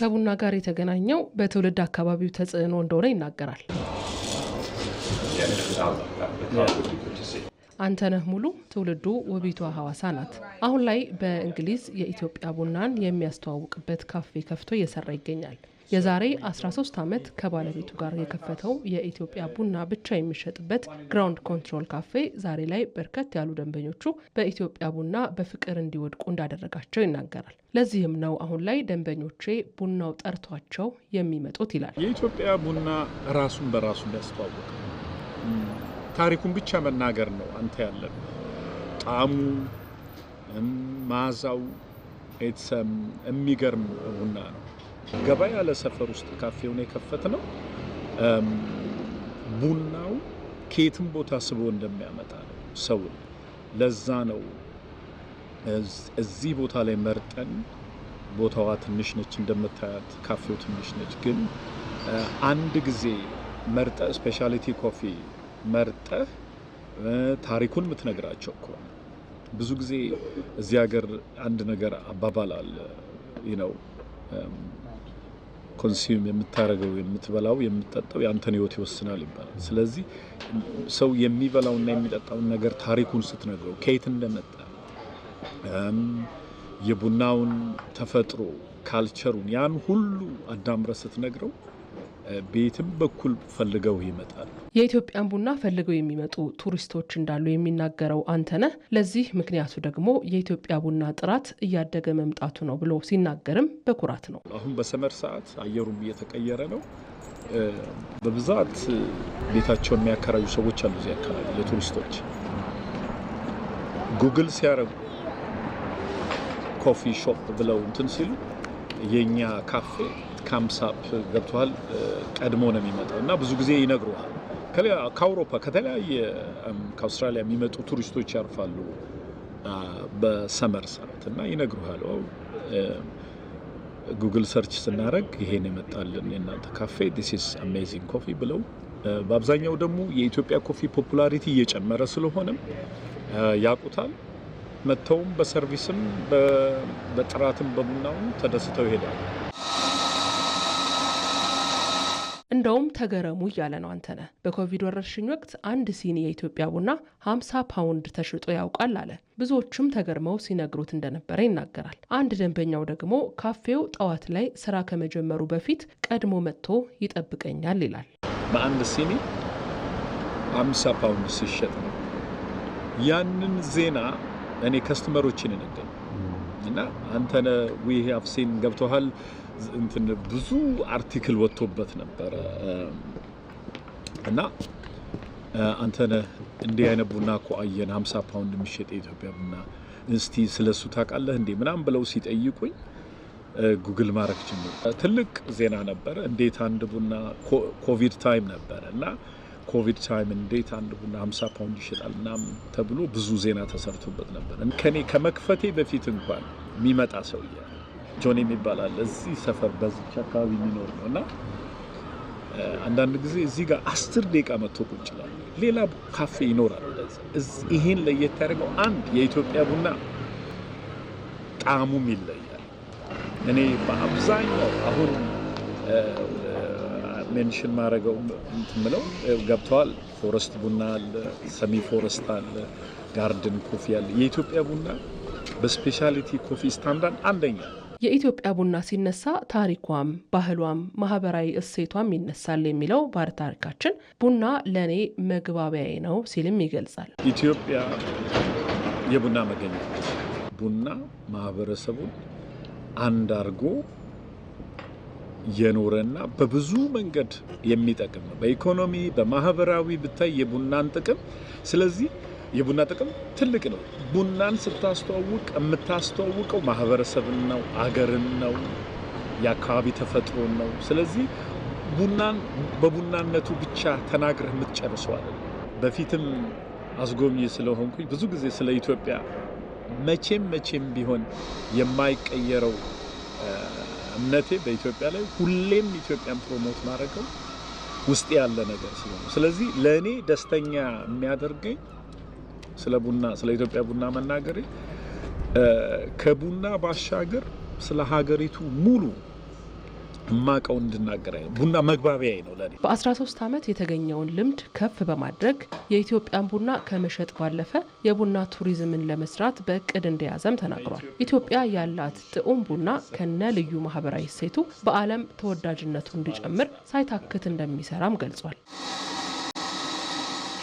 ከቡና ጋር የተገናኘው በትውልድ አካባቢው ተጽዕኖ እንደሆነ ይናገራል። አንተነህ ሙሉ ትውልዱ ውቢቷ ሐዋሳ ናት። አሁን ላይ በእንግሊዝ የኢትዮጵያ ቡናን የሚያስተዋውቅበት ካፌ ከፍቶ እየሰራ ይገኛል። የዛሬ 13 ዓመት ከባለቤቱ ጋር የከፈተው የኢትዮጵያ ቡና ብቻ የሚሸጥበት ግራውንድ ኮንትሮል ካፌ ዛሬ ላይ በርከት ያሉ ደንበኞቹ በኢትዮጵያ ቡና በፍቅር እንዲወድቁ እንዳደረጋቸው ይናገራል። ለዚህም ነው አሁን ላይ ደንበኞቼ ቡናው ጠርቷቸው የሚመጡት ይላል። የኢትዮጵያ ቡና ራሱን በራሱ የሚያስተዋወቅ ታሪኩን ብቻ መናገር ነው አንተ ያለን ጣዕሙ፣ መዓዛው የሚገርም ቡና ነው። ገባ ያለ ሰፈር ውስጥ ካፌውን የከፈት ነው። ቡናው ከየትም ቦታ ስቦ እንደሚያመጣ ነው ሰው። ለዛ ነው እዚህ ቦታ ላይ መርጠን ቦታዋ ትንሽ ነች እንደምታያት፣ ካፌው ትንሽ ነች። ግን አንድ ጊዜ መርጠ ስፔሻሊቲ ኮፊ መርጠህ ታሪኩን የምትነግራቸው ከሆነ ብዙ ጊዜ እዚህ ሀገር አንድ ነገር አባባል አለ ነው ኮንሲዩም የምታደርገው የምትበላው፣ የምትጠጣው የአንተን ህይወት ይወስናል ይባላል። ስለዚህ ሰው የሚበላውና የሚጠጣውን ነገር ታሪኩን ስትነግረው ከየት እንደመጣ የቡናውን ተፈጥሮ ካልቸሩን ያን ሁሉ አዳምረ ስትነግረው ቤትም በኩል ፈልገው ይመጣሉ። የኢትዮጵያን ቡና ፈልገው የሚመጡ ቱሪስቶች እንዳሉ የሚናገረው አንተነህ ለዚህ ምክንያቱ ደግሞ የኢትዮጵያ ቡና ጥራት እያደገ መምጣቱ ነው ብሎ ሲናገርም በኩራት ነው። አሁን በሰመር ሰዓት አየሩም እየተቀየረ ነው። በብዛት ቤታቸው የሚያከራዩ ሰዎች አሉ። እዚህ አካባቢ ለቱሪስቶች ጉግል ሲያረጉ ኮፊ ሾፕ ብለው እንትን ሲሉ የእኛ ካፌ ካምሳፕ ገብተዋል ቀድሞ ነው የሚመጣው እና ብዙ ጊዜ ይነግሩሃል። ከአውሮፓ ከተለያየ ከአውስትራሊያ የሚመጡ ቱሪስቶች ያርፋሉ በሰመር ሰዓት እና ይነግሩሃል። ጉግል ሰርች ስናደረግ ይሄን የመጣልን የእናንተ ካፌ ዲስ ኢዝ አሜዚንግ ኮፊ ብለው በአብዛኛው ደግሞ የኢትዮጵያ ኮፊ ፖፑላሪቲ እየጨመረ ስለሆነም ያቁታል። መጥተውም በሰርቪስም በጥራትም በቡናውም ተደስተው ይሄዳሉ። እንደውም ተገረሙ እያለ ነው አንተነ። በኮቪድ ወረርሽኝ ወቅት አንድ ሲኒ የኢትዮጵያ ቡና 50 ፓውንድ ተሽጦ ያውቃል አለ። ብዙዎችም ተገርመው ሲነግሩት እንደነበረ ይናገራል። አንድ ደንበኛው ደግሞ ካፌው ጠዋት ላይ ስራ ከመጀመሩ በፊት ቀድሞ መጥቶ ይጠብቀኛል ይላል። በአንድ ሲኒ 50 ፓውንድ ሲሸጥ ነው። ያንን ዜና እኔ ከስተመሮችን ነበር እና አንተነ ዊ ሀቭ ሲን ገብቶሃል እንትን ብዙ አርቲክል ወጥቶበት ነበረ እና አንተነ እንዲህ አይነት ቡና እኮ አየን፣ 50 ፓውንድ የሚሸጥ የኢትዮጵያ ቡና እስቲ ስለሱ ታውቃለህ እንዴ ምናምን ብለው ሲጠይቁኝ ጉግል ማድረግ ጀምር ትልቅ ዜና ነበረ። እንዴት አንድ ቡና ኮቪድ ታይም ነበረ እና በኮቪድ ታይም እንዴት አንድ ቡና 50 ፓውንድ ይሸጣል ምናምን ተብሎ ብዙ ዜና ተሰርቶበት ነበር። ከኔ ከመክፈቴ በፊት እንኳን የሚመጣ ሰውዬ ጆኔ ይባላል። እዚህ ሰፈር በዚች አካባቢ የሚኖር ነው እና አንዳንድ ጊዜ እዚህ ጋር አስር ደቂቃ መጥቶ ቁጭ ይላል። ሌላ ካፌ ይኖራል። ይህን ለየት ያደርገው አንድ የኢትዮጵያ ቡና ጣዕሙም ይለያል። እኔ በአብዛኛው አሁን ሜንሽን ማድረገው ምትምለው ገብተዋል። ፎረስት ቡና አለ፣ ሰሚ ፎረስት አለ፣ ጋርድን ኮፊ አለ። የኢትዮጵያ ቡና በስፔሻሊቲ ኮፊ ስታንዳርድ አንደኛ የኢትዮጵያ ቡና ሲነሳ ታሪኳም ባህሏም ማህበራዊ እሴቷም ይነሳል የሚለው ባለ ታሪካችን ቡና ለእኔ መግባቢያዬ ነው ሲልም ይገልጻል። ኢትዮጵያ የቡና መገኘት ቡና ማህበረሰቡን አንድ አርጎ የኖረና በብዙ መንገድ የሚጠቅም ነው። በኢኮኖሚ በማህበራዊ ብታይ የቡናን ጥቅም ስለዚህ የቡና ጥቅም ትልቅ ነው። ቡናን ስታስተዋውቅ የምታስተዋውቀው ማህበረሰብን ነው፣ አገርን ነው፣ የአካባቢ ተፈጥሮን ነው። ስለዚህ ቡናን በቡናነቱ ብቻ ተናግረህ የምትጨርሰዋል። በፊትም አስጎብኚ ስለሆንኩኝ ብዙ ጊዜ ስለ ኢትዮጵያ መቼም መቼም ቢሆን የማይቀየረው እምነቴ በኢትዮጵያ ላይ ሁሌም ኢትዮጵያን ፕሮሞት ማድረገው ውስጥ ያለ ነገር ስለሆነ፣ ስለዚህ ለእኔ ደስተኛ የሚያደርገኝ ስለ ቡና ስለ ኢትዮጵያ ቡና መናገሬ ከቡና ባሻገር ስለ ሀገሪቱ ሙሉ እማቀው እንድናገር ቡና መግባቢያ ነው ለኔ። በ13 ዓመት የተገኘውን ልምድ ከፍ በማድረግ የኢትዮጵያን ቡና ከመሸጥ ባለፈ የቡና ቱሪዝምን ለመስራት በእቅድ እንደያዘም ተናግሯል። ኢትዮጵያ ያላት ጥዑም ቡና ከነ ልዩ ማህበራዊ እሴቱ በዓለም ተወዳጅነቱ እንዲጨምር ሳይታክት እንደሚሰራም ገልጿል።